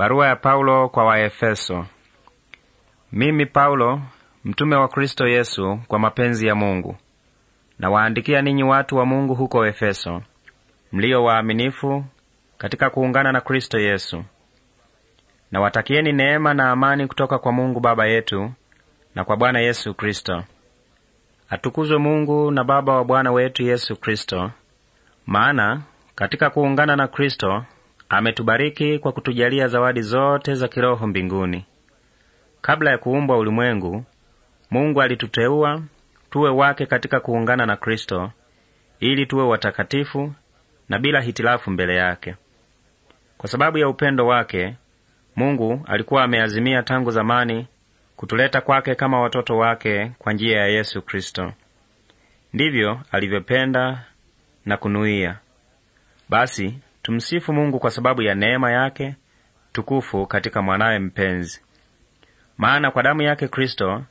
Barua ya Paulo kwa Waefeso. Mimi Paulo, mtume wa Kristo Yesu kwa mapenzi ya Mungu, nawaandikia ninyi watu wa Mungu huko Efeso, mlio waaminifu katika kuungana na Kristo Yesu. Nawatakieni neema na amani kutoka kwa Mungu Baba yetu na kwa Bwana Yesu Kristo. Atukuzwe Mungu na Baba wa Bwana wetu Yesu Kristo, maana katika kuungana na Kristo ametubariki kwa kutujalia zawadi zote za kiroho mbinguni. Kabla ya kuumbwa ulimwengu, Mungu alituteua tuwe wake katika kuungana na Kristo ili tuwe watakatifu na bila hitilafu mbele yake. Kwa sababu ya upendo wake, Mungu alikuwa ameazimia tangu zamani kutuleta kwake kama watoto wake kwa njia ya Yesu Kristo. Ndivyo alivyopenda na kunuia. Basi Tumsifu Mungu kwa sababu ya neema yake tukufu katika mwanawe mpenzi. Maana kwa damu yake Kristo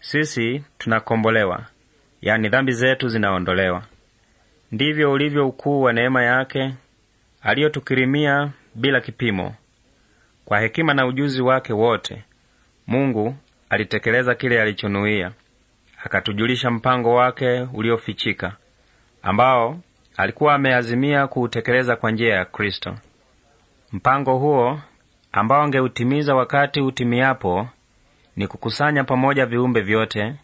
sisi tunakombolewa, yani dhambi zetu zinaondolewa. Ndivyo ulivyo ukuu wa neema yake aliyotukirimia bila kipimo. Kwa hekima na ujuzi wake wote, Mungu alitekeleza kile alichonuia, akatujulisha mpango wake uliofichika, ambao alikuwa ameazimia kuutekeleza kwa njia ya Kristo. Mpango huo ambao angeutimiza wakati utimiapo ni kukusanya pamoja viumbe vyote,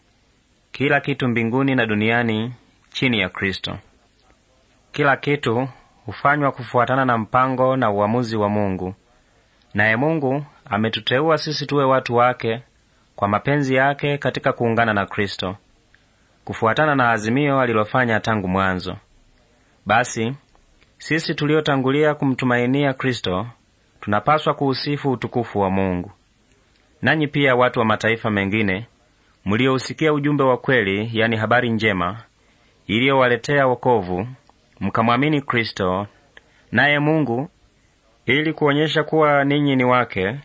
kila kitu mbinguni na duniani chini ya Kristo. Kila kitu hufanywa kufuatana na mpango na uamuzi wa Mungu. Naye Mungu ametuteua sisi tuwe watu wake kwa mapenzi yake katika kuungana na Kristo, kufuatana na azimio alilofanya tangu mwanzo. Basi sisi tuliotangulia kumtumainia Kristo tunapaswa kuusifu utukufu wa Mungu. Nanyi pia watu wa mataifa mengine mliousikia ujumbe wa kweli, yani habari njema iliyowaletea wokovu, mkamwamini Kristo, naye Mungu ili kuonyesha kuwa ninyi ni wake,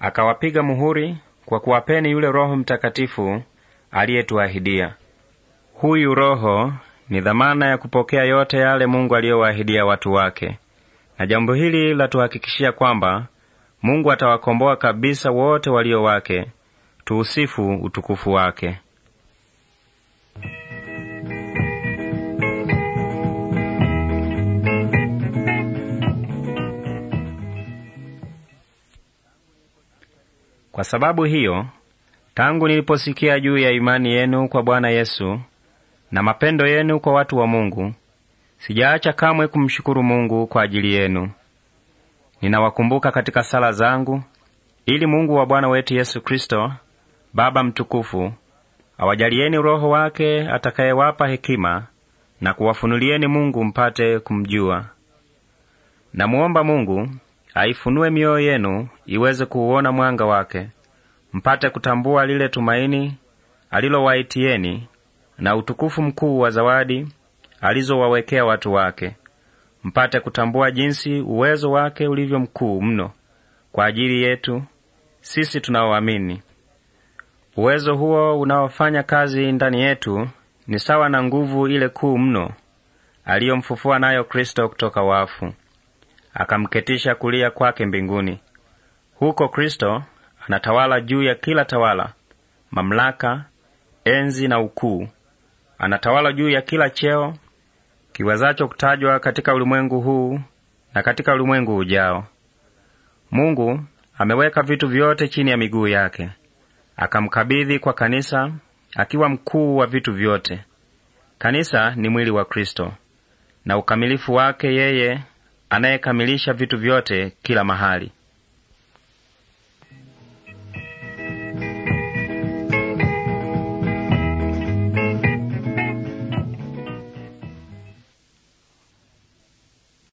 akawapiga muhuri kwa kuwapeni yule Roho Mtakatifu aliyetuahidia. Huyu Roho ni dhamana ya kupokea yote yale Mungu aliyowaahidia watu wake, na jambo hili latuhakikishia kwamba Mungu atawakomboa kabisa wote walio wake. Tuusifu utukufu wake. Kwa sababu hiyo, tangu niliposikia juu ya imani yenu kwa Bwana Yesu na mapendo yenu kwa watu wa Mungu. Sijaacha kamwe kumshukuru Mungu kwa ajili yenu. Ninawakumbuka katika sala zangu, ili Mungu wa Bwana wetu Yesu Kristo, Baba mtukufu, awajalieni Roho wake atakayewapa hekima na kuwafunulieni Mungu mpate kumjua. Namuomba Mungu aifunue mioyo yenu iweze kuuona mwanga wake, mpate kutambua lile tumaini alilowaitieni na utukufu mkuu wa zawadi alizowawekea watu wake, mpate kutambua jinsi uwezo wake ulivyo mkuu mno kwa ajili yetu sisi tunaoamini. Uwezo huo unaofanya kazi ndani yetu ni sawa na nguvu ile kuu mno aliyomfufua nayo Kristo kutoka wafu, akamketisha kulia kwake mbinguni. Huko Kristo anatawala juu ya kila tawala, mamlaka, enzi na ukuu, anatawala juu ya kila cheo kiwazacho kutajwa katika ulimwengu huu na katika ulimwengu ujao. Mungu ameweka vitu vyote chini ya miguu yake, akamkabidhi kwa kanisa akiwa mkuu wa vitu vyote. Kanisa ni mwili wa Kristo na ukamilifu wake, yeye anayekamilisha vitu vyote kila mahali.